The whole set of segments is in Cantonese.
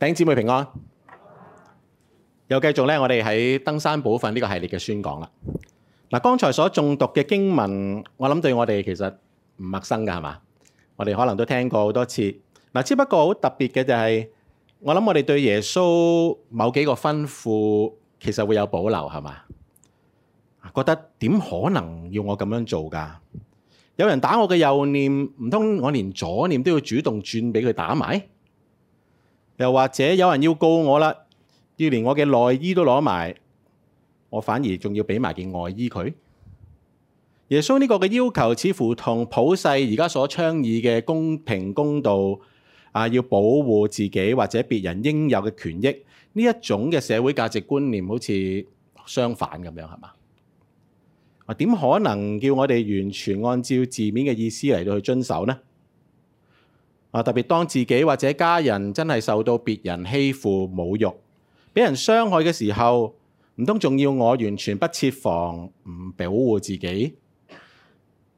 頂姊妹平安，又繼續咧，我哋喺登山寶訓呢個系列嘅宣講啦。嗱，剛才所誦讀嘅經文，我諗對我哋其實唔陌生噶，係嘛？我哋可能都聽過好多次。嗱，只不過好特別嘅就係，我諗我哋對耶穌某幾個吩咐，其實會有保留，係嘛？覺得點可能要我咁樣做噶？有人打我嘅右念，唔通我連左念都要主動轉俾佢打埋？又或者有人要告我啦，要連我嘅內衣都攞埋，我反而仲要俾埋件外衣佢。耶穌呢個嘅要求，似乎同普世而家所倡議嘅公平公道啊，要保護自己或者別人應有嘅權益呢一種嘅社會價值觀念，好似相反咁樣，係嘛？點可能叫我哋完全按照字面嘅意思嚟到去遵守呢？啊！特別當自己或者家人真係受到別人欺負、侮辱、俾人傷害嘅時候，唔通仲要我完全不設防、唔保護自己，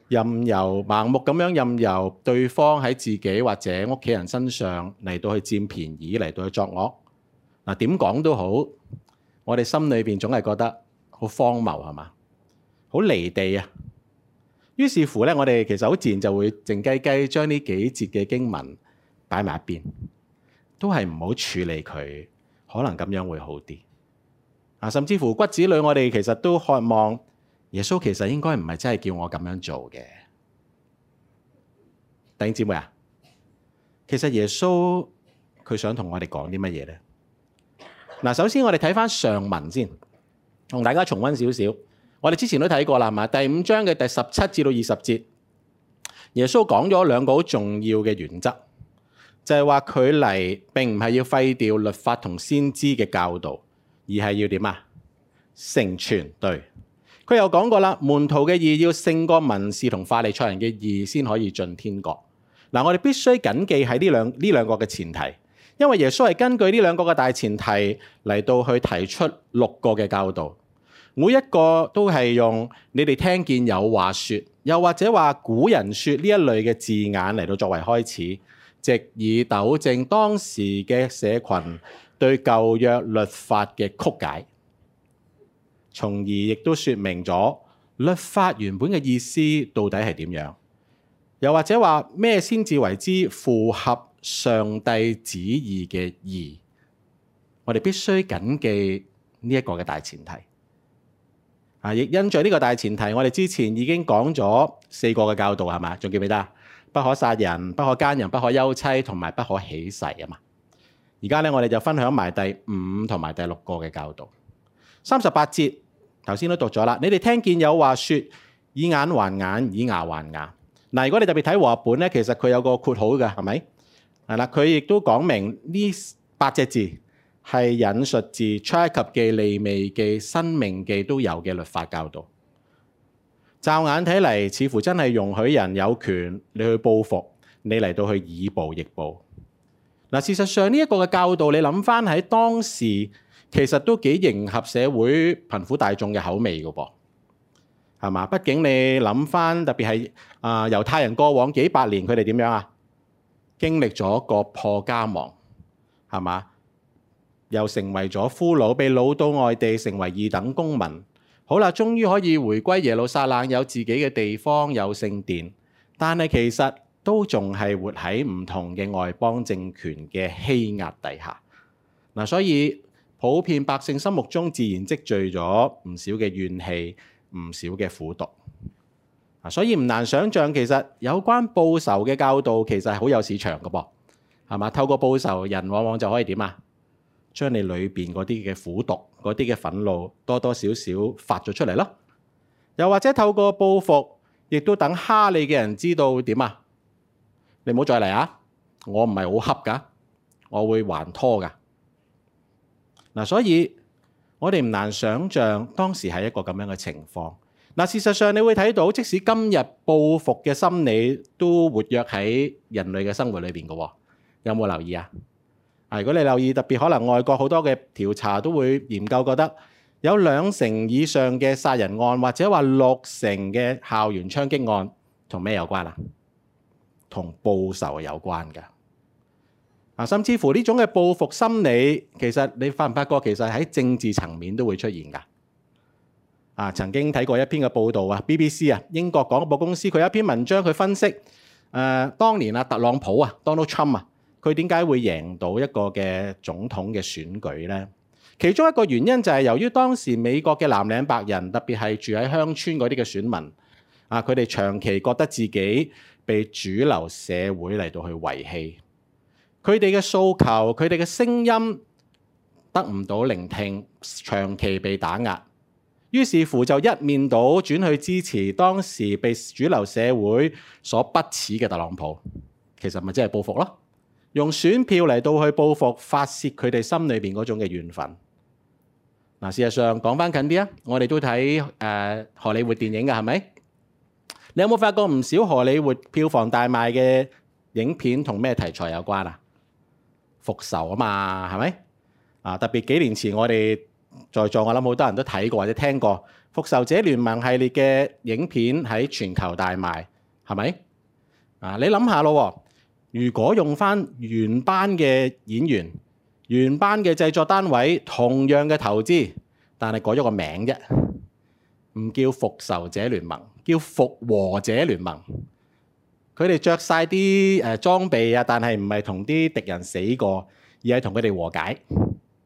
任由盲目咁樣任由對方喺自己或者屋企人身上嚟到去佔便宜、嚟到去作惡？嗱，點講都好，我哋心裏邊總係覺得好荒謬係嘛，好離地啊！於是乎咧，我哋其實好自然就會靜雞雞將呢幾節嘅經文擺埋一邊，都係唔好處理佢，可能咁樣會好啲。啊，甚至乎骨子裏我哋其實都渴望耶穌，其實應該唔係真係叫我咁樣做嘅。弟兄姊妹啊，其實耶穌佢想同我哋講啲乜嘢呢？嗱，首先我哋睇翻上文先，同大家重溫少少。我哋之前都睇過啦，係嘛？第五章嘅第十七至到二十節，耶穌講咗兩個好重要嘅原則，就係話佢嚟並唔係要廢掉律法同先知嘅教導，而係要點啊？成全，對。佢又講過啦，門徒嘅義要勝過文士同法利賽人嘅義先可以進天國。嗱、嗯，我哋必須謹記喺呢兩呢兩個嘅前提，因為耶穌係根據呢兩個嘅大前提嚟到去提出六個嘅教導。每一個都係用你哋聽見有話説，又或者話古人説呢一類嘅字眼嚟到作為開始，藉以糾正當時嘅社群對舊約律法嘅曲解，從而亦都説明咗律法原本嘅意思到底係點樣，又或者話咩先至為之符合上帝旨意嘅義，我哋必須緊記呢一個嘅大前提。啊！亦因在呢個大前提，我哋之前已經講咗四個嘅教導，係嘛？仲記唔記得？不可殺人，不可奸人，不可休妻，同埋不可起誓啊嘛。而家咧，我哋就分享埋第五同埋第六個嘅教導。三十八節，頭先都讀咗啦。你哋聽見有話說：以眼還眼，以牙還牙。嗱、呃，如果你特別睇和本咧，其實佢有個括號嘅，係咪？係啦，佢亦都講明呢八隻字。係引述自《出埃及記》、《利未記》、《申命記》都有嘅律法教導。驟眼睇嚟，似乎真係容許人有權你去報復，你嚟到去以暴易暴。嗱，事實上呢一個嘅教導，你諗翻喺當時，其實都幾迎合社會貧苦大眾嘅口味噶噃，係嘛？畢竟你諗翻特別係啊、呃，猶太人過往幾百年佢哋點樣啊？經歷咗國破家亡，係嘛？又成為咗俘虜，被擄到外地成為二等公民。好啦，終於可以回歸耶路撒冷，有自己嘅地方，有聖殿。但係其實都仲係活喺唔同嘅外邦政權嘅欺壓底下。嗱，所以普遍百姓心目中自然積聚咗唔少嘅怨氣，唔少嘅苦毒。所以唔難想象，其實有關報仇嘅教導其實係好有市場嘅噃。係嘛？透過報仇，人往往就可以點啊？將你裏邊嗰啲嘅苦毒、嗰啲嘅憤怒，多多少少發咗出嚟咯。又或者透過報復，亦都等蝦你嘅人知道點啊！你唔好再嚟啊！我唔係好恰㗎，我會還拖㗎。嗱，所以我哋唔難想像當時係一個咁樣嘅情況。嗱，事實上你會睇到，即使今日報復嘅心理都活躍喺人類嘅生活裏邊嘅喎。有冇留意啊？如果你留意特別，可能外國好多嘅調查都會研究，覺得有兩成以上嘅殺人案，或者話六成嘅校園槍擊案，同咩有關啊？同報仇有關㗎。啊，甚至乎呢種嘅報復心理，其實你發唔發覺，其實喺政治層面都會出現㗎。啊，曾經睇過一篇嘅報導啊，BBC 啊，英國廣播公司佢有一篇文章，佢分析誒、呃，當年啊，特朗普啊，Donald Trump 啊。佢點解會贏到一個嘅總統嘅選舉呢？其中一個原因就係由於當時美國嘅南嶺白人，特別係住喺鄉村嗰啲嘅選民，啊，佢哋長期覺得自己被主流社會嚟到去遺棄，佢哋嘅訴求、佢哋嘅聲音得唔到聆聽，長期被打壓，於是乎就一面倒轉去支持當時被主流社會所不齒嘅特朗普。其實咪即係報復咯～用選票嚟到去報復發泄佢哋心裏邊嗰種嘅怨憤。嗱，事實上講返近啲啊，我哋都睇誒荷里活電影嘅，係咪？你有冇發覺唔少荷里活票房大賣嘅影片同咩題材有關啊？復仇啊嘛，係咪？啊，特別幾年前我哋在座，我諗好多人都睇過或者聽過《復仇者聯盟》系列嘅影片喺全球大賣，係咪？啊，你諗下咯喎。如果用翻原班嘅演員、原班嘅製作單位、同樣嘅投資，但係改咗個名啫，唔叫復仇者聯盟，叫復和者聯盟。佢哋着晒啲誒裝備啊，但係唔係同啲敵人死過，而係同佢哋和解，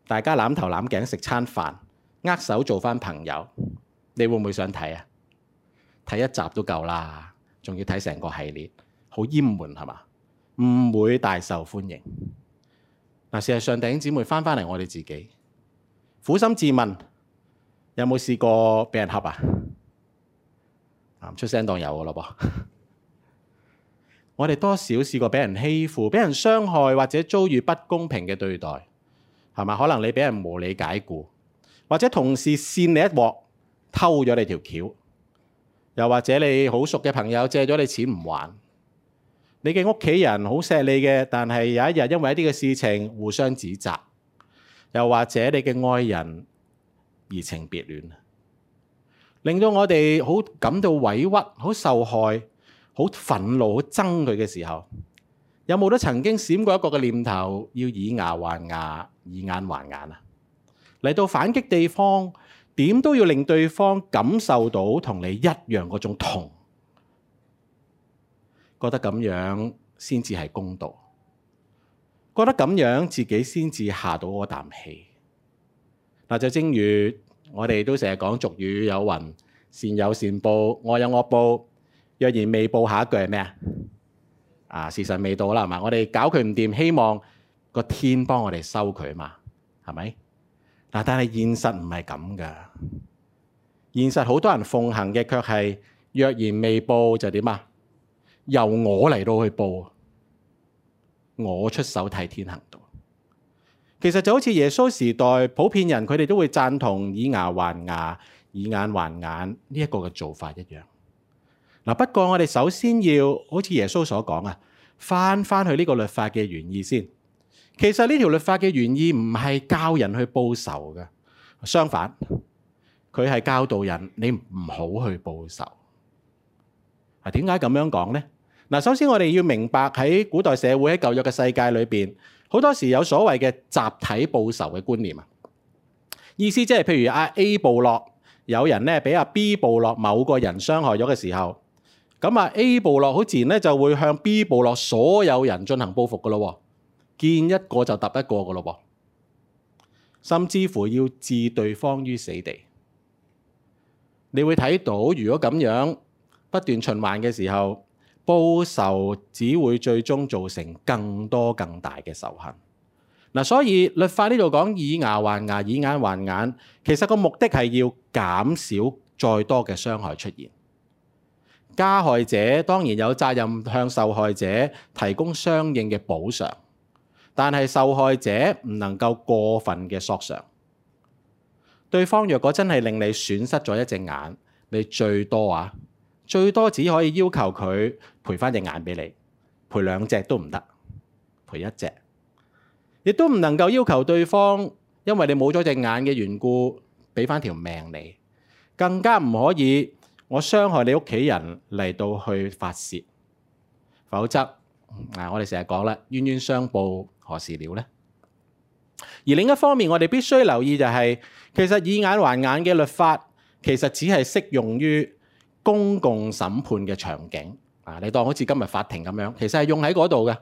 大家攬頭攬頸食餐飯，握手做翻朋友，你會唔會想睇啊？睇一集都夠啦，仲要睇成個系列，好厭悶係嘛？唔會大受歡迎。嗱、啊，事實上，弟兄姊妹翻返嚟，我哋自己苦心自問，有冇試過俾人恰啊？啊，出聲當有嘅咯噃。 我哋多少試過俾人欺負、俾人傷害，或者遭遇不公平嘅對待，係咪？可能你俾人無理解雇，或者同事扇你一鑊，偷咗你條橋，又或者你好熟嘅朋友借咗你錢唔還。你嘅屋企人好錫你嘅，但係有一日因為一啲嘅事情互相指責，又或者你嘅愛人移情別戀，令到我哋好感到委屈、好受害、好憤怒、好憎佢嘅時候，有冇得曾經閃過一個嘅念頭要以牙還牙、以眼還眼啊？嚟到反擊地方，點都要令對方感受到同你一樣嗰種痛。覺得咁樣先至係公道，覺得咁樣自己先至下到嗰啖氣。嗱，就正如我哋都成日講俗語有云，善有善報，惡有惡報。若然未報，下一句係咩啊？啊，時辰未到啦嘛，我哋搞佢唔掂，希望個天幫我哋收佢嘛，係咪？嗱，但係現實唔係咁噶，現實好多人奉行嘅卻係若然未報就點啊？由我嚟到去報，我出手替天行道。其實就好似耶穌時代普遍人佢哋都會贊同以牙還牙、以眼還眼呢一個嘅做法一樣。嗱，不過我哋首先要好似耶穌所講啊，翻翻去呢個律法嘅原意先。其實呢條律法嘅原意唔係教人去報仇嘅，相反佢係教導人你唔好去報仇。啊，點解咁樣講呢？嗱，首先我哋要明白喺古代社會喺舊約嘅世界裏邊，好多時有所謂嘅集體報仇嘅觀念啊。意思即係譬如阿 A 部落有人咧俾阿 B 部落某個人傷害咗嘅時候，咁啊 A 部落好自然咧就會向 B 部落所有人進行報復㗎咯，見一個就揼一個㗎咯，甚至乎要置對方於死地。你會睇到如果咁樣不斷循環嘅時候。報仇只會最終造成更多更大嘅仇恨。嗱，啊，所以律法呢度講以牙還牙、以眼還眼，其實個目的係要減少再多嘅傷害出現。加害者當然有責任向受害者提供相應嘅補償，但係受害者唔能夠過分嘅索償。對方若果真係令你損失咗一隻眼，你最多啊，最多只可以要求佢。賠翻隻眼俾你，賠兩隻都唔得，賠一隻亦都唔能夠要求對方，因為你冇咗隻眼嘅緣故，俾翻條命你，更加唔可以我傷害你屋企人嚟到去發洩，否則嗱，我哋成日講啦，冤冤相報何時了呢？而另一方面，我哋必須留意就係，其實以眼還眼嘅律法其實只係適用於公共審判嘅場景。啊！你當好似今日法庭咁樣，其實係用喺嗰度嘅，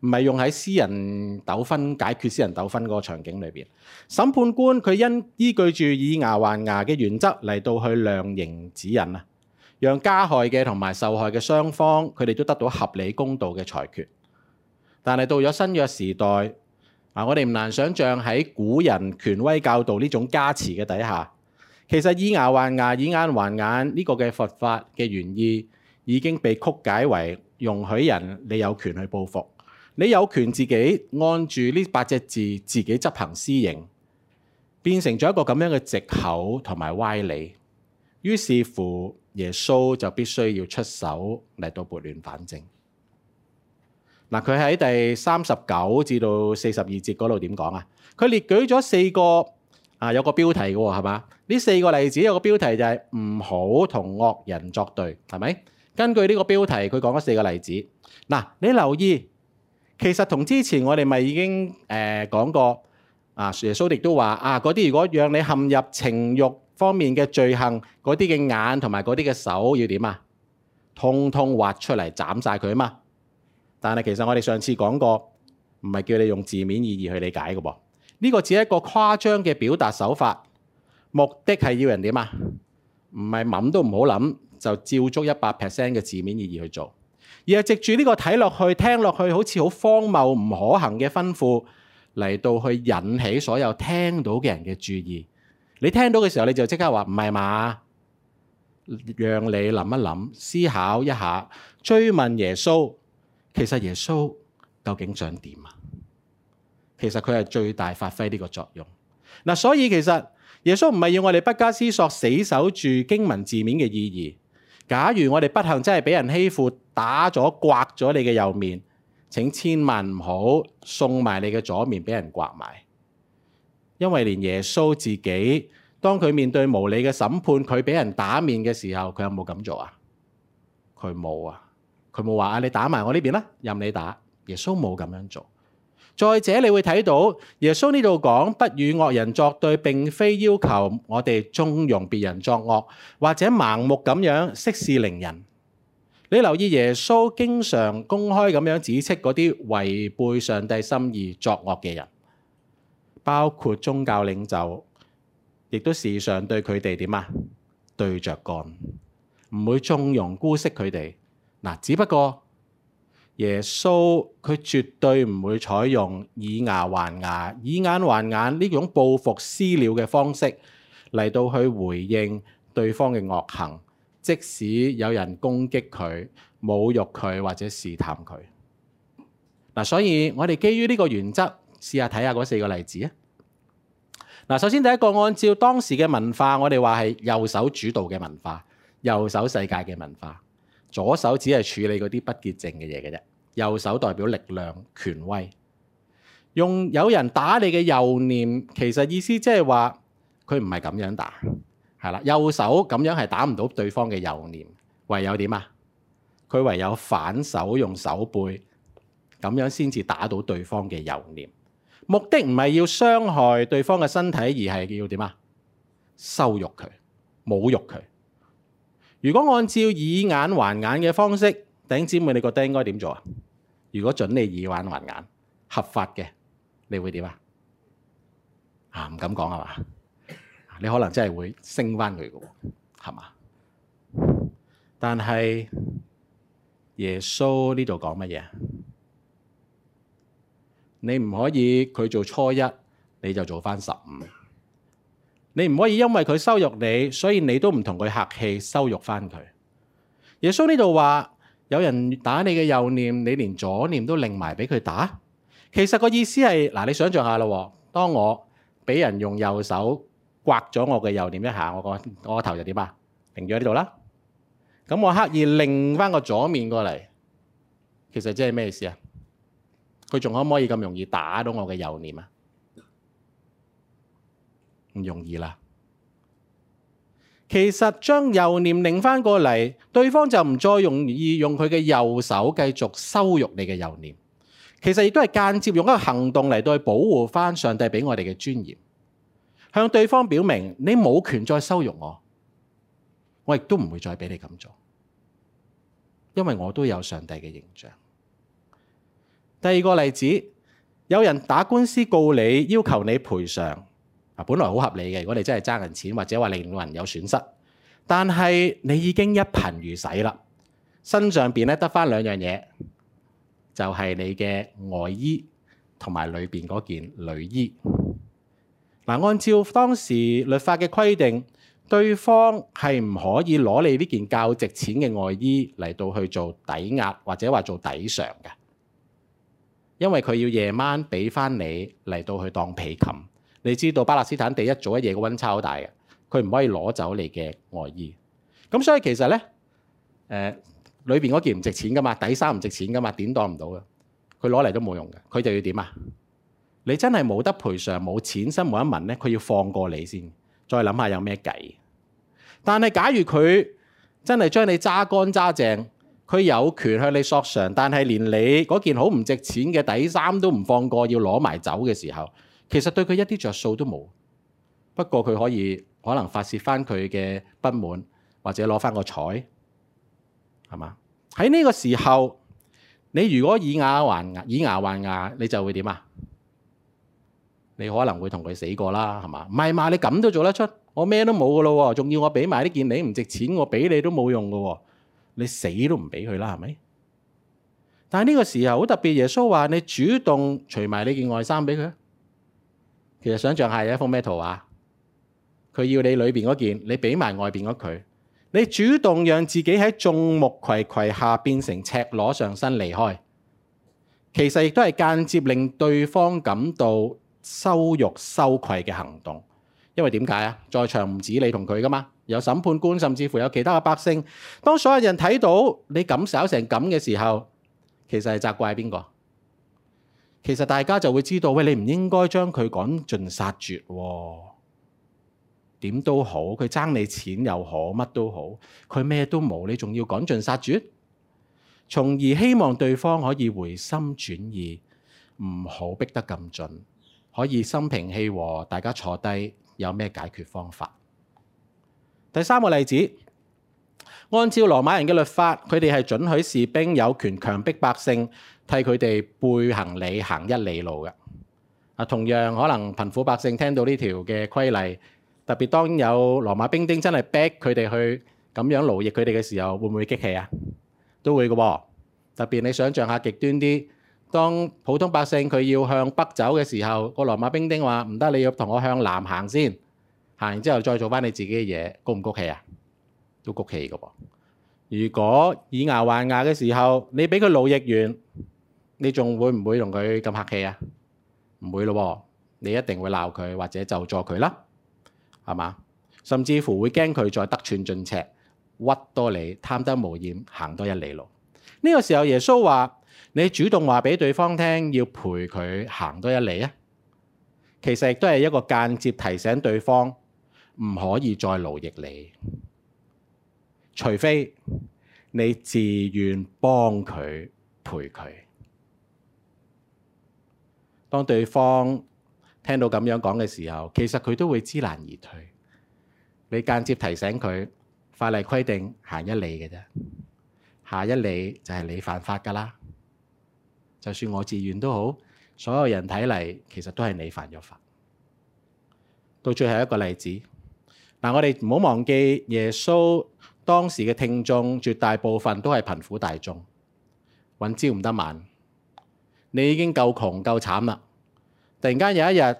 唔係用喺私人糾紛，解決私人糾紛嗰個場景裏邊。審判官佢因依據住以牙還牙嘅原則嚟到去量刑指引啊，讓加害嘅同埋受害嘅雙方佢哋都得到合理公道嘅裁決。但係到咗新約時代啊，我哋唔難想像喺古人權威教導呢種加持嘅底下，其實以牙還牙、以眼還眼呢個嘅佛法嘅原意。已經被曲解為容許人你有權去報復，你有權自己按住呢八隻字自己執行私刑，變成咗一個咁樣嘅藉口同埋歪理。於是乎耶穌就必須要出手嚟到撥亂反正。嗱、嗯，佢喺第三十九至到四十二節嗰度點講啊？佢列舉咗四個啊，有個標題嘅喎、哦，係嘛？呢四個例子有個標題就係、是、唔好同惡人作對，係咪？根據呢個標題，佢講咗四個例子。嗱，你留意，其實同之前我哋咪已經誒講、呃、過啊，耶穌亦都話啊，嗰啲如果讓你陷入情欲方面嘅罪行，嗰啲嘅眼同埋嗰啲嘅手要點啊？通通挖出嚟斬晒佢啊嘛！但係其實我哋上次講過，唔係叫你用字面意義去理解嘅噃。呢、這個只係一個誇張嘅表達手法，目的係要人點啊？唔係諗都唔好諗。就照足一百 percent 嘅字面意義去做，而係藉住呢個睇落去、聽落去，好似好荒謬、唔可行嘅吩咐嚟到去引起所有聽到嘅人嘅注意。你聽到嘅時候，你就即刻話唔係嘛？讓你諗一諗、思考一下、追問耶穌。其實耶穌究竟想點啊？其實佢係最大發揮呢個作用。嗱，啊，所以其實耶穌唔係要我哋不加思索、死守住經文字面嘅意義。假如我哋不幸真係俾人欺負，打咗刮咗你嘅右面，請千萬唔好送埋你嘅左面俾人刮埋。因為連耶穌自己，當佢面對無理嘅審判，佢俾人打面嘅時候，佢有冇咁做啊？佢冇啊，佢冇話啊，你打埋我呢邊啦，任你打。耶穌冇咁樣做。再者，你會睇到耶穌呢度講不與惡人作對，並非要求我哋縱容別人作惡或者盲目咁樣息事寧人。你留意耶穌經常公開咁樣指斥嗰啲違背上帝心意作惡嘅人，包括宗教領袖，亦都時常對佢哋點啊？對着幹，唔會縱容姑息佢哋。嗱，只不過。耶穌佢絕對唔會採用以牙還牙、以眼還眼呢種報復私了嘅方式嚟到去回應對方嘅惡行，即使有人攻擊佢、侮辱佢或者試探佢嗱、啊。所以我哋基於呢個原則，試下睇下嗰四個例子啊。嗱，首先第一個，按照當時嘅文化，我哋話係右手主導嘅文化、右手世界嘅文化，左手只係處理嗰啲不潔淨嘅嘢嘅啫。右手代表力量、權威，用有人打你嘅右臉，其實意思即係話佢唔係咁樣打，係啦，右手咁樣係打唔到對方嘅右臉，唯有點啊？佢唯有反手用手背咁樣先至打到對方嘅右臉。目的唔係要傷害對方嘅身體，而係要點啊？羞辱佢、侮辱佢。如果按照以眼還眼嘅方式。弟兄姐妹，你覺得應該點做啊？如果准你以眼還眼合法嘅，你會點啊？啊，唔敢講係嘛？你可能真係會升翻佢嘅，係嘛？但係耶穌呢度講乜嘢？你唔可以佢做初一，你就做翻十五。你唔可以因為佢羞辱你，所以你都唔同佢客氣羞辱翻佢。耶穌呢度話。有人打你嘅右臉，你連左臉都擰埋俾佢打。其實個意思係，嗱，你想象下啦。當我俾人用右手刮咗我嘅右臉一下，我個我個頭就點啊？停住喺呢度啦。咁我刻意擰翻個左面過嚟，其實即係咩意思啊？佢仲可唔可以咁容易打到我嘅右臉啊？唔容易啦。其實將右臉擰翻過嚟，對方就唔再容易用佢嘅右手繼續羞辱你嘅右臉。其實亦都係間接用一個行動嚟對保護翻上帝俾我哋嘅尊嚴，向對方表明你冇權再羞辱我，我亦都唔會再俾你咁做，因為我都有上帝嘅形象。第二個例子，有人打官司告你，要求你賠償。本來好合理嘅，如果你真係爭人錢或者話令人有損失，但係你已經一貧如洗啦，身上邊咧得返兩樣嘢，就係你嘅外衣同埋裏邊嗰件內衣。嗱，按照當時律法嘅規定，對方係唔可以攞你呢件較值錢嘅外衣嚟到去做抵押或者話做抵償嘅，因為佢要夜晚俾返你嚟到去當被冚。你知道巴勒斯坦地一早一夜嘅溫差好大嘅，佢唔可以攞走你嘅外衣。咁所以其實呢，誒裏邊嗰件唔值錢噶嘛，底衫唔值錢噶嘛，點擋唔到噶？佢攞嚟都冇用嘅，佢就要點啊？你真係冇得賠償，冇錢，身無一文呢，佢要放過你先，再諗下有咩計？但係假如佢真係將你揸乾揸淨，佢有權向你索償，但係連你嗰件好唔值錢嘅底衫都唔放過，要攞埋走嘅時候。其實對佢一啲着數都冇，不過佢可以可能發泄翻佢嘅不滿，或者攞翻個彩，係嘛？喺呢個時候，你如果以牙還牙，以牙還牙，你就會點啊？你可能會同佢死過啦，係嘛？唔係嘛？你咁都做得出？我咩都冇噶咯，仲要我俾埋呢件你唔值錢，我俾你都冇用噶喎。你死都唔俾佢啦，係咪？但係呢個時候好特別，耶穌話：你主動除埋呢件外衫俾佢。其實想像下，有一幅咩圖畫？佢要你裏邊嗰件，你俾埋外邊嗰佢。你主動讓自己喺眾目睽睽下變成赤裸上身離開，其實亦都係間接令對方感到羞辱、羞愧嘅行動。因為點解啊？在場唔止你同佢㗎嘛，有審判官，甚至乎有其他嘅百姓。當所有人睇到你咁受成咁嘅時候，其實係責怪邊個？其實大家就會知道，喂，你唔應該將佢趕盡殺絕哦。點都好，佢爭你錢又好，乜都好，佢咩都冇，你仲要趕盡殺絕，從而希望對方可以回心轉意，唔好逼得咁盡，可以心平氣和，大家坐低有咩解決方法？第三個例子，按照羅馬人嘅律法，佢哋係准許士兵有權強迫百姓。替佢哋背行李行一里路嘅啊，同樣可能貧苦百姓聽到呢條嘅規例，特別當有羅馬兵丁真係逼佢哋去咁樣勞役佢哋嘅時候，會唔會激氣啊？都會嘅喎。特別你想象下極端啲，當普通百姓佢要向北走嘅時候，個羅馬兵丁話唔得，你要同我向南行先行，然之後再做翻你自己嘅嘢，谷唔谷氣啊？都谷氣嘅喎。如果以牙還牙嘅時候，你俾佢勞役完，你仲會唔會同佢咁客氣啊？唔會咯、啊，你一定會鬧佢或者咒詛佢啦，係嘛？甚至乎會驚佢再得寸進尺，屈多你貪得無厭，行多一里路。呢、呢個時候耶穌話：你主動話俾對方聽，要陪佢行多一里啊。其實亦都係一個間接提醒對方唔可以再勞役你，除非你自願幫佢陪佢。當對方聽到咁樣講嘅時候，其實佢都會知難而退。你間接提醒佢，法例規定行一里嘅啫，下一里就係你犯法㗎啦。就算我自願都好，所有人睇嚟，其實都係你犯咗法。到最後一個例子，嗱，我哋唔好忘記耶穌當時嘅聽眾，絕大部分都係貧苦大眾，揾朝唔得晚。你已經夠窮夠慘啦，突然間有一日，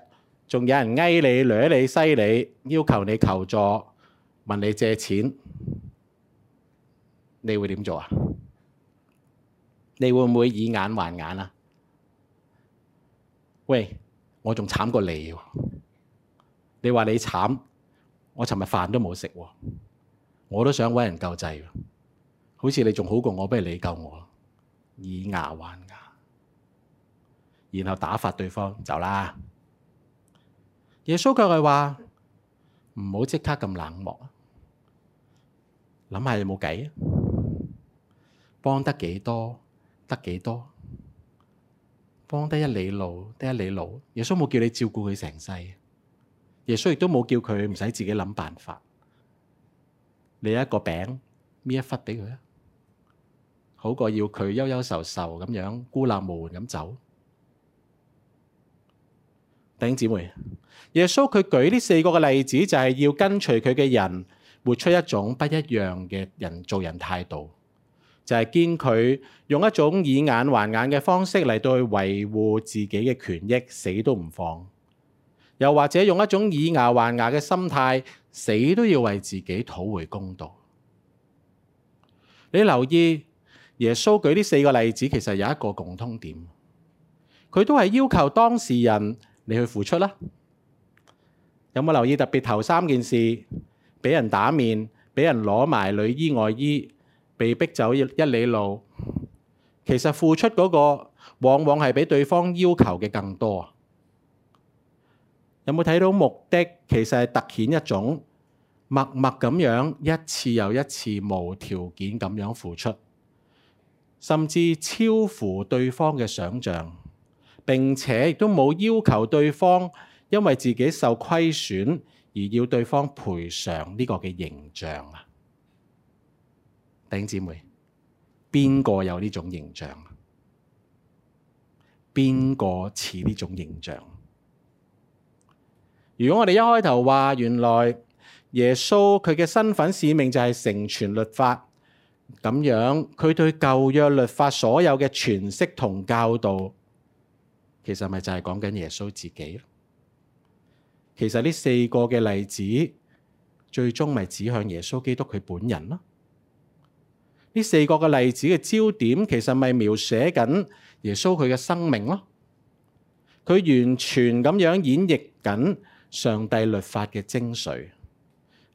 仲有人挨你、掠你、犀你，要求你求助、問你借錢，你會點做啊？你會唔會以眼還眼啊？喂，我仲慘過你喎！你話你慘，我尋日飯都冇食喎，我都想揾人救濟。好似你仲好過我，不如你救我，以牙還牙。然後打發對方走啦。耶穌佢係話：唔好即刻咁冷漠，諗下有冇計？幫得幾多得幾多？幫得一里路得一里路。耶穌冇叫你照顧佢成世，耶穌亦都冇叫佢唔使自己諗辦法。你一個餅搣一忽俾佢啊，好過要佢憂憂愁愁咁樣孤立無援咁走。弟兄姊妹，耶穌佢舉呢四個嘅例子，就係要跟隨佢嘅人活出一種不一樣嘅人做人態度，就係堅拒用一種以眼還眼嘅方式嚟到去維護自己嘅權益，死都唔放；又或者用一種以牙還牙嘅心態，死都要為自己討回公道。你留意耶穌舉呢四個例子，其實有一個共通點，佢都係要求當事人。你去付出啦。有冇留意特別頭三件事？俾人打面，俾人攞埋裡衣外衣，被逼走一里路。其實付出嗰個往往係比對方要求嘅更多。有冇睇到目的其實係突顯一種默默咁樣一次又一次無條件咁樣付出，甚至超乎對方嘅想像。並且亦都冇要求對方，因為自己受虧損而要對方賠償呢個嘅形象啊！弟兄姊妹，邊個有呢種形象啊？邊個似呢種形象？如果我哋一開頭話，原來耶穌佢嘅身份使命就係成全律法咁樣，佢對舊約律法所有嘅詮釋同教導。其實咪就係講緊耶穌自己咯。其實呢四個嘅例子，最終咪指向耶穌基督佢本人咯。呢四個嘅例子嘅焦點，其實咪描寫緊耶穌佢嘅生命咯。佢完全咁樣演繹緊上帝律法嘅精髓，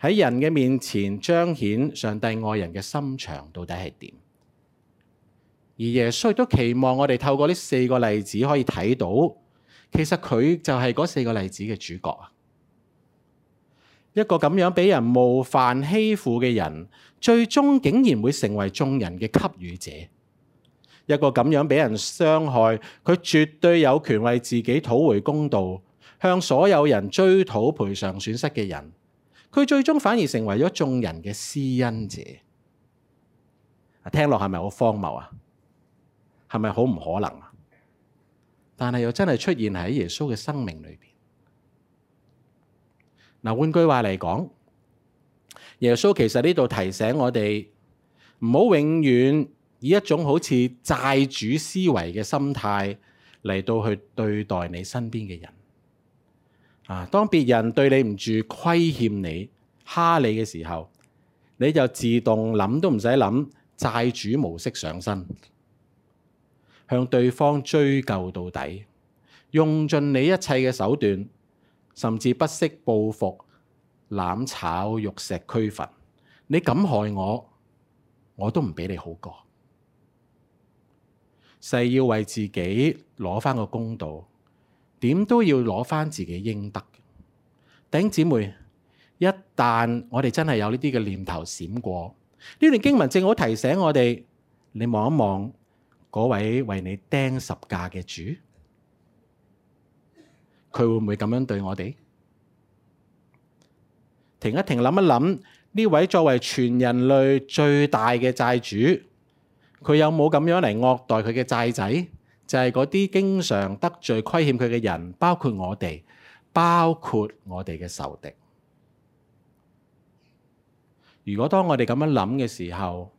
喺人嘅面前彰顯上帝愛人嘅心腸到底係點。而耶穌都期望我哋透過呢四個例子可以睇到，其實佢就係嗰四個例子嘅主角啊！一個咁樣俾人冒犯欺負嘅人，最終竟然會成為眾人嘅給予者；一個咁樣俾人傷害，佢絕對有權為自己討回公道，向所有人追討賠償損失嘅人，佢最終反而成為咗眾人嘅施恩者。啊，聽落係咪好荒謬啊？係咪好唔可能啊？但係又真係出現喺耶穌嘅生命裏邊嗱。換句話嚟講，耶穌其實呢度提醒我哋唔好永遠以一種好似債主思維嘅心態嚟到去對待你身邊嘅人啊。當別人對你唔住、虧欠你、蝦你嘅時候，你就自動諗都唔使諗債主模式上身。向對方追究到底，用盡你一切嘅手段，甚至不惜報復、攬炒、玉石俱焚。你敢害我，我都唔俾你好過。誓要為自己攞返個公道，點都要攞返自己應得嘅。弟兄姊妹，一旦我哋真係有呢啲嘅念頭閃過，呢段經文正好提醒我哋，你望一望。嗰位為你釘十架嘅主，佢會唔會咁樣對我哋？停一停，諗一諗，呢位作為全人類最大嘅債主，佢有冇咁樣嚟惡待佢嘅債仔？就係嗰啲經常得罪、虧欠佢嘅人，包括我哋，包括我哋嘅仇敵。如果當我哋咁樣諗嘅時候，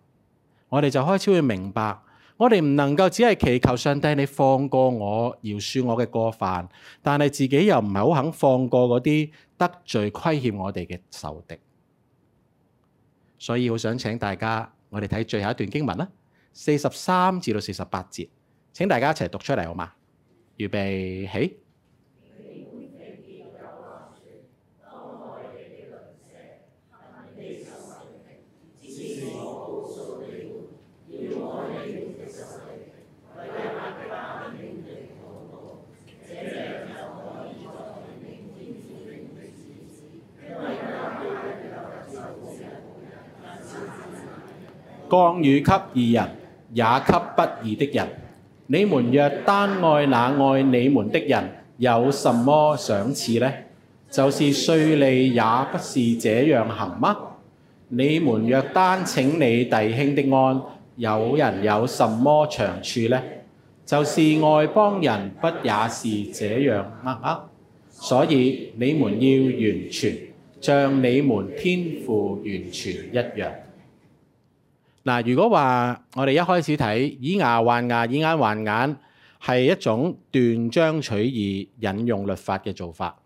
我哋就開始會明白。我哋唔能夠只係祈求上帝，你放過我饒恕我嘅過犯，但係自己又唔係好肯放過嗰啲得罪虧欠我哋嘅仇敵。所以好想請大家，我哋睇最後一段經文啦，四十三至到四十八節，請大家一齊讀出嚟好嗎？預備起。降雨給義人，也給不義的人。你們若單愛那愛你們的人，有什麼賞賜呢？就是稅吏也不是這樣行嗎？你們若單請你弟兄的安，有人有什麼長處呢？就是外邦人不也是這樣嗎，啊？所以你們要完全，像你們天父完全一樣。嗱，如果話我哋一開始睇以牙還牙以眼還眼係一種斷章取義引用律法嘅做法，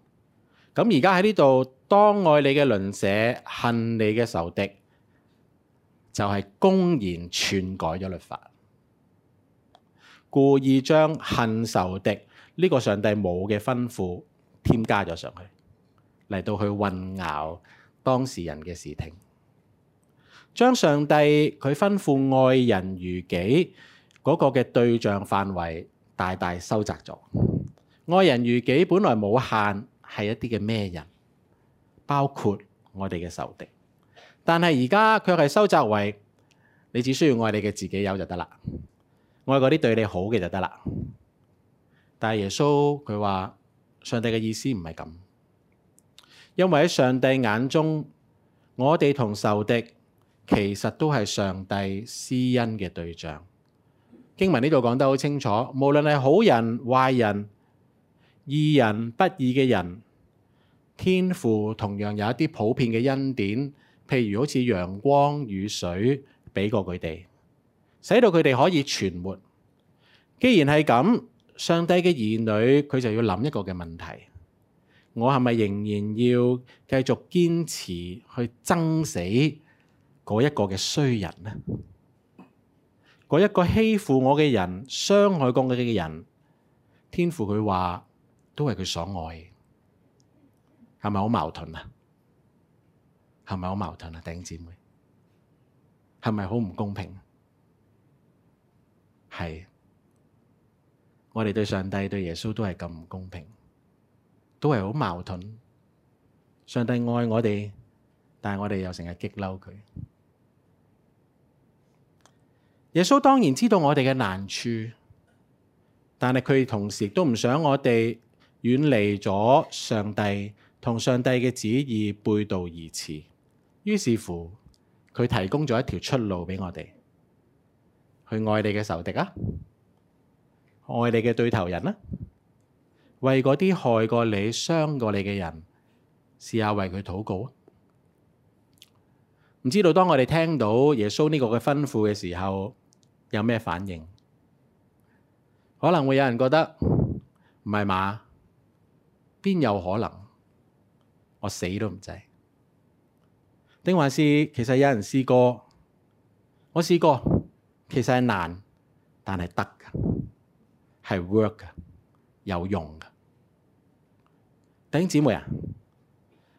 咁而家喺呢度當愛你嘅鄰舍恨你嘅仇敵，就係公然篡改咗律法，故意將恨仇敵呢個上帝冇嘅吩咐添加咗上去，嚟到去混淆當事人嘅視聽。將上帝佢吩咐愛人如己嗰個嘅對象範圍大大收窄咗。愛人如己本來冇限係一啲嘅咩人，包括我哋嘅仇敵。但係而家佢係收窄為你只需要愛你嘅自己友就得啦，愛嗰啲對你好嘅就得啦。但係耶穌佢話上帝嘅意思唔係咁，因為喺上帝眼中，我哋同仇敵。其實都係上帝施恩嘅對象，經文呢度講得好清楚。無論係好人、壞人、義人、不義嘅人，天父同樣有一啲普遍嘅恩典，譬如好似陽光與水，俾過佢哋，使到佢哋可以存活。既然係咁，上帝嘅兒女佢就要諗一個嘅問題：我係咪仍然要繼續堅持去爭死？嗰一個嘅衰人咧，嗰一個欺負我嘅人、傷害過我嘅人，天父佢話都係佢所愛，係咪好矛盾啊？係咪好矛盾啊？弟兄姊妹，係咪好唔公平？係，我哋對上帝、對耶穌都係咁唔公平，都係好矛盾。上帝愛我哋，但係我哋又成日激嬲佢。耶穌當然知道我哋嘅難處，但係佢同時亦都唔想我哋遠離咗上帝，同上帝嘅旨意背道而馳。於是乎，佢提供咗一條出路俾我哋，去愛你嘅仇敵啊，愛你嘅對頭人啦、啊，為嗰啲害過你、傷過你嘅人，試下為佢禱告啊！唔知道當我哋聽到耶穌呢個嘅吩咐嘅時候。有咩反應？可能會有人覺得唔係嘛，邊有可能？我死都唔制。定還是其實有人試過？我試過，其實係難，但係得㗎，係 work 㗎，有用㗎。弟兄姊妹啊，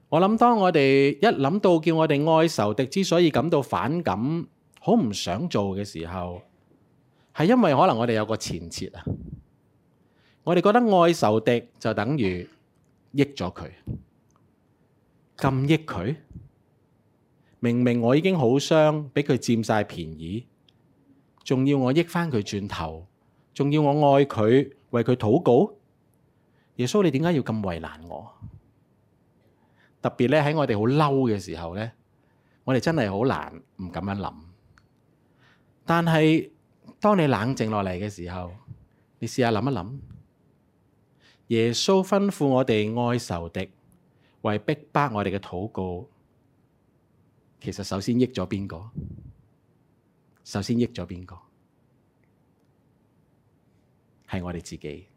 我諗當我哋一諗到叫我哋愛仇敵之所以感到反感、好唔想做嘅時候。係因為可能我哋有個前設啊，我哋覺得愛仇敵就等於益咗佢，咁益佢？明明我已經好傷，俾佢佔晒便宜，仲要我益翻佢轉頭，仲要我愛佢為佢禱告？耶穌，你點解要咁為難我？特別咧喺我哋好嬲嘅時候咧，我哋真係好難唔咁樣諗，但係，當你冷靜落嚟嘅時候，你試下諗一諗，耶穌吩咐我哋愛仇敵，為逼迫我哋嘅禱告，其實首先益咗邊個？首先益咗邊個？係我哋自己，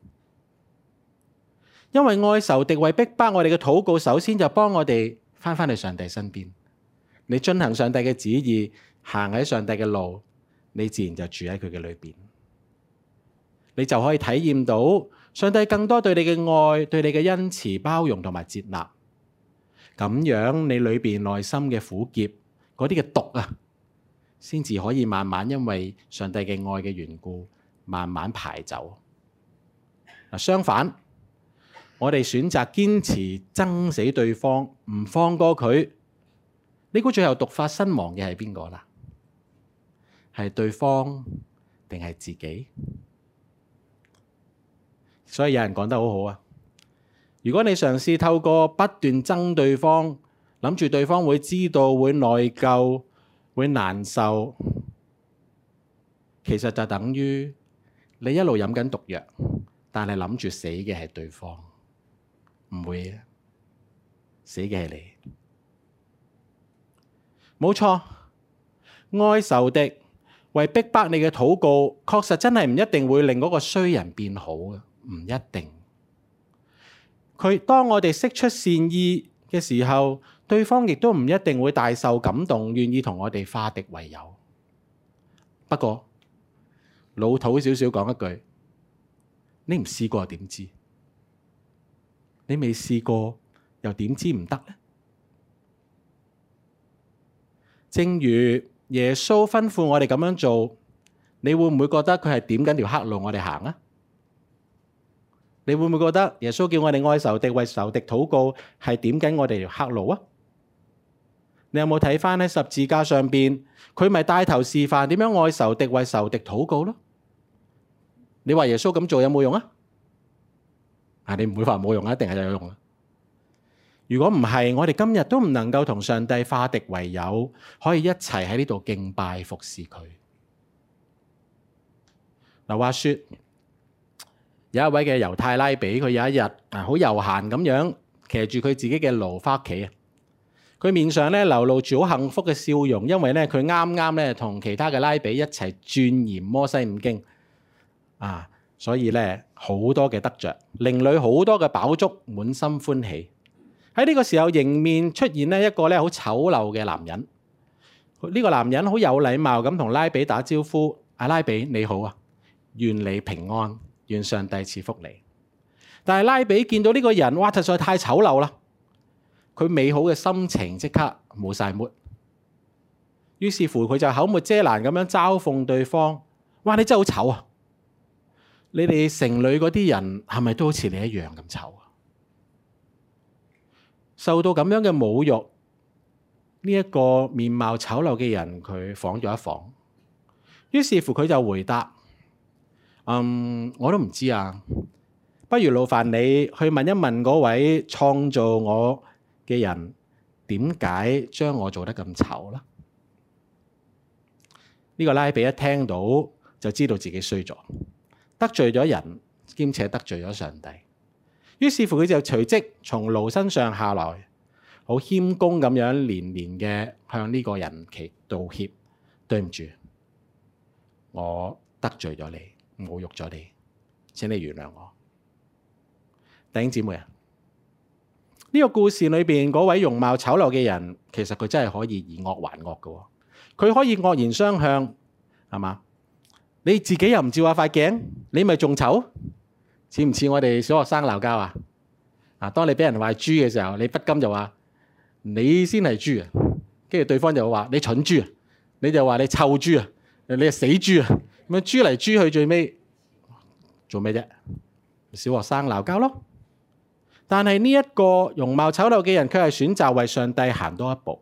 因為愛仇敵為逼迫我哋嘅禱告，首先就幫我哋翻返去上帝身邊，你遵行上帝嘅旨意，行喺上帝嘅路。你自然就住喺佢嘅裏邊，你就可以體驗到上帝更多對你嘅愛、對你嘅恩慈、包容同埋接納。咁樣你裏邊內心嘅苦澀、嗰啲嘅毒啊，先至可以慢慢因為上帝嘅愛嘅緣故，慢慢排走。相反，我哋選擇堅持憎死對方，唔放過佢，你估最後毒發身亡嘅係邊個啦？係對方定係自己？所以有人講得好好啊！如果你嘗試透過不斷憎對方，諗住對方會知道會內疚會難受，其實就等於你一路飲緊毒藥，但係諗住死嘅係對方，唔會啊！死嘅係你，冇錯，愛仇敵。為逼迫你嘅禱告，確實真係唔一定會令嗰個衰人變好嘅，唔一定。佢當我哋釋出善意嘅時候，對方亦都唔一定會大受感動，願意同我哋化敵為友。不過老土少少講一句，你唔試過又點知？你未試過又點知唔得呢？」正如。耶穌吩咐我哋咁樣做，你會唔會覺得佢係點緊條黑路我哋行啊？你會唔會覺得耶穌叫我哋愛仇敵、為仇敵禱告，係點緊我哋條黑路啊？你有冇睇翻喺十字架上邊，佢咪帶頭示範點樣愛仇敵、為仇敵禱告咯？你話耶穌咁做有冇用啊？啊，你唔會話冇用啊，一定係有用啦。如果唔係，我哋今日都唔能夠同上帝化敵為友，可以一齊喺呢度敬拜服侍佢嗱。話説有一位嘅猶太拉比，佢有一日啊，好悠閒咁樣騎住佢自己嘅驢返屋企啊。佢面上咧流露住好幸福嘅笑容，因為咧佢啱啱咧同其他嘅拉比一齊鑽研摩西五經啊，所以咧好多嘅得着，令佢好多嘅飽足，滿心歡喜。喺呢個時候迎面出現咧一個咧好醜陋嘅男人。呢、這個男人好有禮貌咁同拉比打招呼：，阿、啊、拉比你好啊，願你平安，願上帝賜福你。但係拉比見到呢個人，哇，實在太醜陋啦！佢美好嘅心情即刻冇曬 mood。於是乎佢就口沒遮攔咁樣嘲諷對方：，哇，你真係好醜啊！你哋城裏嗰啲人係咪都好似你一樣咁醜？受到咁樣嘅侮辱，呢一個面貌醜陋嘅人，佢仿咗一仿，於是乎佢就回答：，嗯，我都唔知啊，不如勞煩你去問一問嗰位創造我嘅人，點解將我做得咁醜啦？呢個拉比一聽到就知道自己衰咗，得罪咗人，兼且得罪咗上帝。於是乎佢就隨即從驢身上下來，好謙恭咁樣連連嘅向呢個人祈道歉，對唔住，我得罪咗你，侮辱咗你，請你原諒我。弟兄姊妹啊，呢、呢個故事裏邊嗰位容貌醜陋嘅人，其實佢真係可以以惡還惡嘅，佢可以惡言相向，係嘛？你自己又唔照下塊鏡，你咪仲醜。似唔似我哋小學生鬧交啊？嗱、啊，當你俾人話豬嘅時候，你不禁就話你先係豬啊，跟住對方就會話你蠢豬啊，你就話你臭豬啊，你係死豬啊！咁樣，豬嚟豬去最尾做咩啫？小學生鬧交咯。但係呢一個容貌醜陋嘅人，佢係選擇為上帝行多一步，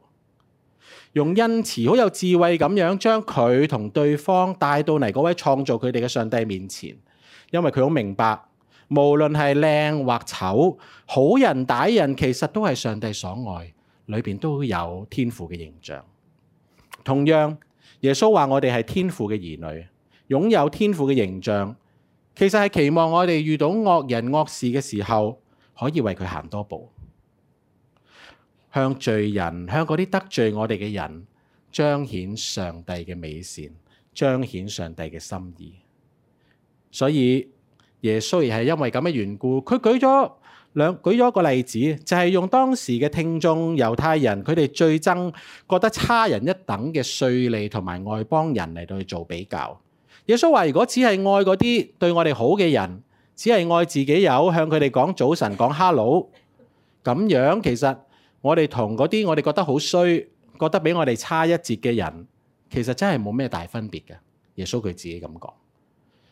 用恩慈好有智慧咁樣將佢同對方帶到嚟嗰位創造佢哋嘅上帝面前，因為佢好明白。無論係靚或醜，好人歹人其實都係上帝所愛，裏面都有天父嘅形象。同樣，耶穌話我哋係天父嘅兒女，擁有天父嘅形象，其實係期望我哋遇到惡人惡事嘅時候，可以為佢行多步，向罪人，向嗰啲得罪我哋嘅人，彰顯上帝嘅美善，彰顯上帝嘅心意。所以。耶穌而係因為咁嘅緣故,佢舉咗兩舉咗一個例子就係用當時嘅聽眾猶太人,佢哋最憎覺得差人一等嘅稅吏同埋外邦人嚟到去做比較。耶穌話如果只係愛嗰啲對我哋好嘅人,只係愛自己友,向佢哋講早晨講哈佬,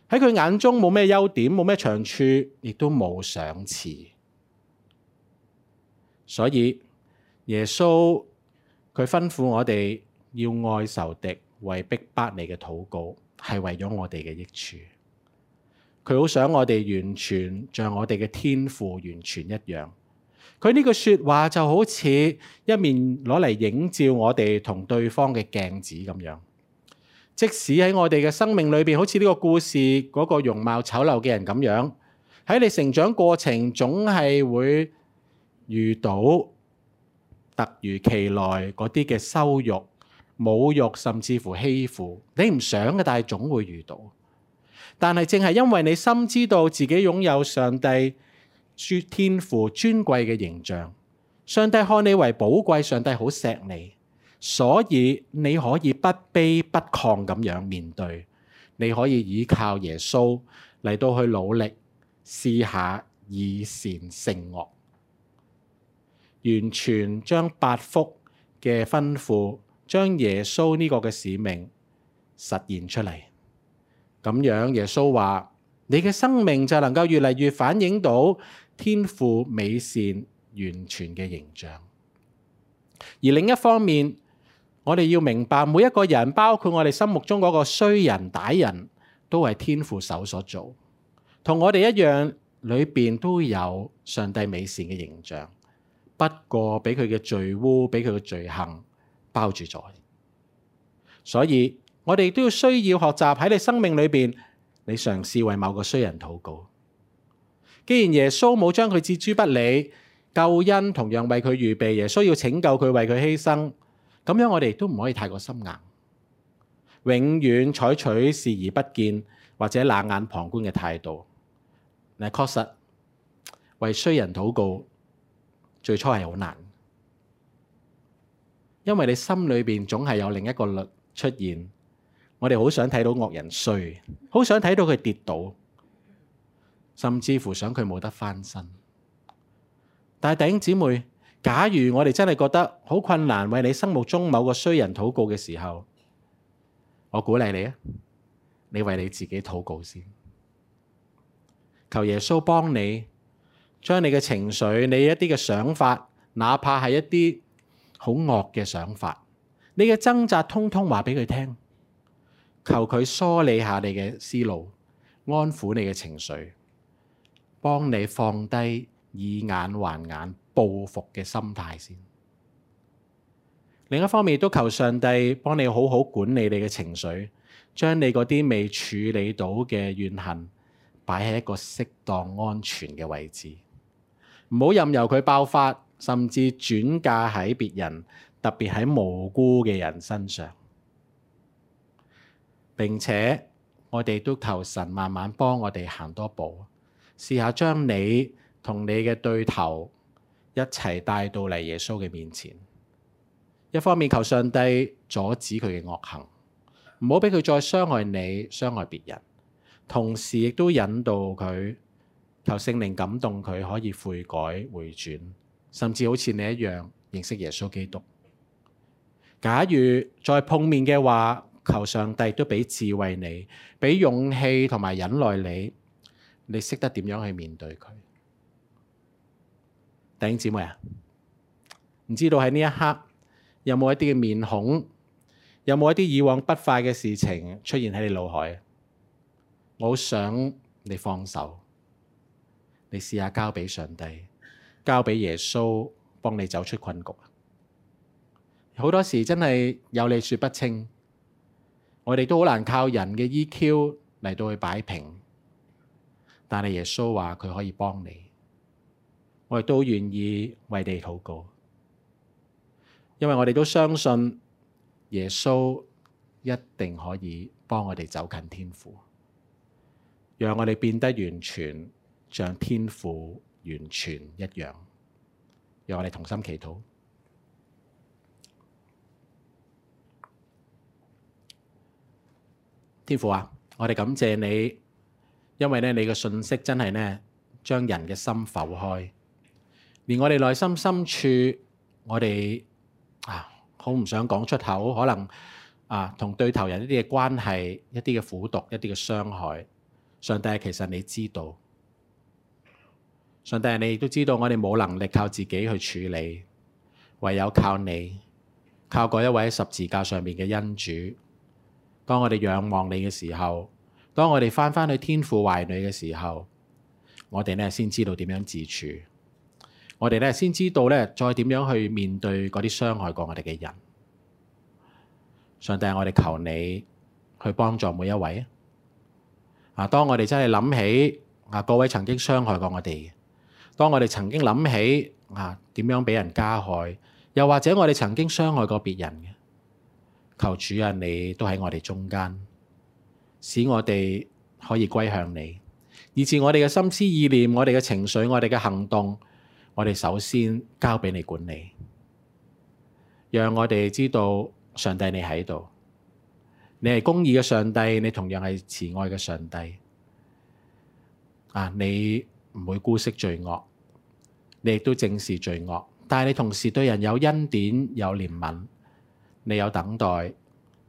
喺佢眼中冇咩優點，冇咩長處，亦都冇賞賜。所以耶穌佢吩咐我哋要愛仇敵，為逼迫你嘅禱告，係為咗我哋嘅益處。佢好想我哋完全像我哋嘅天父完全一樣。佢呢句說話就好似一面攞嚟映照我哋同對方嘅鏡子咁樣。即使喺我哋嘅生命裏邊，好似呢個故事嗰個容貌醜陋嘅人咁樣，喺你成長過程總係會遇到突如其來嗰啲嘅羞辱、侮辱，甚至乎欺負。你唔想嘅，但係總會遇到。但係正係因為你深知道自己擁有上帝說天父尊貴嘅形象，上帝看你為寶貴，上帝好錫你。所以你可以不卑不亢咁樣面對，你可以依靠耶穌嚟到去努力，試下以善勝惡，完全將八福嘅吩咐，將耶穌呢個嘅使命實現出嚟。咁樣耶穌話：你嘅生命就能夠越嚟越反映到天父美善完全嘅形象。而另一方面，我哋要明白每一個人，包括我哋心目中嗰個衰人歹人都係天父手所做，同我哋一樣，裏邊都有上帝美善嘅形象，不過俾佢嘅罪污，俾佢嘅罪行包住咗。所以我哋都要需要學習喺你生命裏邊，你嘗試為某個衰人禱告。既然耶穌冇將佢置諸不理，救恩同樣為佢預備，耶穌要拯救佢，為佢犧牲。咁樣我哋都唔可以太過心硬，永遠採取視而不見或者冷眼旁觀嘅態度。嗱，確實為衰人禱告最初係好難，因為你心裏邊總係有另一個律出現。我哋好想睇到惡人衰，好想睇到佢跌倒，甚至乎想佢冇得翻身。但係弟兄姊妹。假如我哋真係覺得好困難，為你心目中某個衰人禱告嘅時候，我鼓勵你啊，你為你自己禱告先，求耶穌幫你將你嘅情緒、你一啲嘅想法，哪怕係一啲好惡嘅想法，你嘅掙扎通通話俾佢聽，求佢梳理下你嘅思路，安撫你嘅情緒，幫你放低以眼還眼。報復嘅心態先。另一方面，都求上帝幫你好好管理你嘅情緒，將你嗰啲未處理到嘅怨恨擺喺一個適當安全嘅位置，唔好任由佢爆發，甚至轉嫁喺別人，特別喺無辜嘅人身上。並且我哋都求神慢慢幫我哋行多步，試下將你同你嘅對頭。一齊帶到嚟耶穌嘅面前，一方面求上帝阻止佢嘅惡行，唔好俾佢再傷害你，傷害別人，同時亦都引導佢，求聖靈感動佢可以悔改回轉，甚至好似你一樣認識耶穌基督。假如再碰面嘅話，求上帝都俾智慧你，俾勇氣同埋忍耐你，你識得點樣去面對佢。弟兄姊妹啊，唔知道喺呢一刻有冇一啲嘅面孔，有冇一啲以往不快嘅事情出現喺你腦海？我好想你放手，你試下交俾上帝，交俾耶穌幫你走出困局。好多時真係有理説不清，我哋都好難靠人嘅 EQ 嚟到去擺平，但係耶穌話佢可以幫你。我哋都願意為你禱告，因為我哋都相信耶穌一定可以幫我哋走近天父，讓我哋變得完全像天父完全一樣。讓我哋同心祈禱，天父啊，我哋感謝你，因為咧你嘅信息真係咧將人嘅心剖開。連我哋內心深處，我哋啊，好唔想講出口，可能啊，同對頭人一啲嘅關係、一啲嘅苦毒、一啲嘅傷害，上帝其實你知道，上帝你亦都知道，我哋冇能力靠自己去處理，唯有靠你，靠嗰一位十字架上面嘅恩主。當我哋仰望你嘅時候，當我哋翻返去天父懷裏嘅時候，我哋咧先知道點樣自處。我哋呢先知道呢，再點樣去面對嗰啲傷害過我哋嘅人？上帝，我哋求你去幫助每一位啊！啊，當我哋真係諗起啊，各位曾經傷害過我哋；當我哋曾經諗起啊，點樣俾人加害，又或者我哋曾經傷害過別人，求主啊，你都喺我哋中間，使我哋可以歸向你，以至我哋嘅心思意念、我哋嘅情緒、我哋嘅行動，我哋首先交俾你管理，讓我哋知道上帝你喺度，你係公義嘅上帝，你同樣係慈愛嘅上帝。啊，你唔會姑息罪惡，你亦都正視罪惡，但係你同時對人有恩典，有憐憫，你有等待，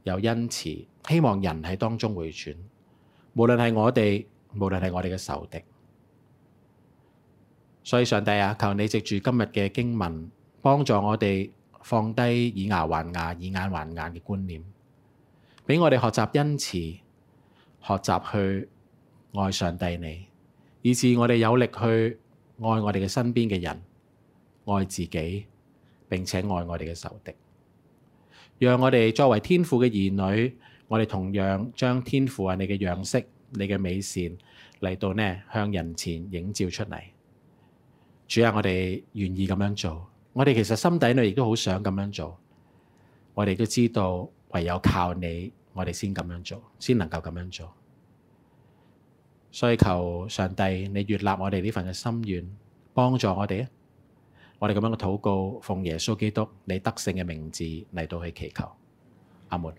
有恩慈，希望人喺當中回轉。無論係我哋，無論係我哋嘅仇敵。所以，上帝啊，求你藉住今日嘅經文，幫助我哋放低以牙還牙、以眼還眼嘅觀念，俾我哋學習恩慈，學習去愛上帝你，以至我哋有力去愛我哋嘅身邊嘅人，愛自己並且愛我哋嘅仇敵。讓我哋作為天父嘅兒女，我哋同樣將天父啊你嘅樣式、你嘅美善嚟到呢，向人前映照出嚟。主啊，我哋願意咁樣做。我哋其實心底裏亦都好想咁樣做。我哋都知道唯有靠你，我哋先咁樣做，先能夠咁樣做。所以求上帝，你悅納我哋呢份嘅心願，幫助我哋啊！我哋咁樣嘅禱告，奉耶穌基督你得勝嘅名字嚟到去祈求。阿門。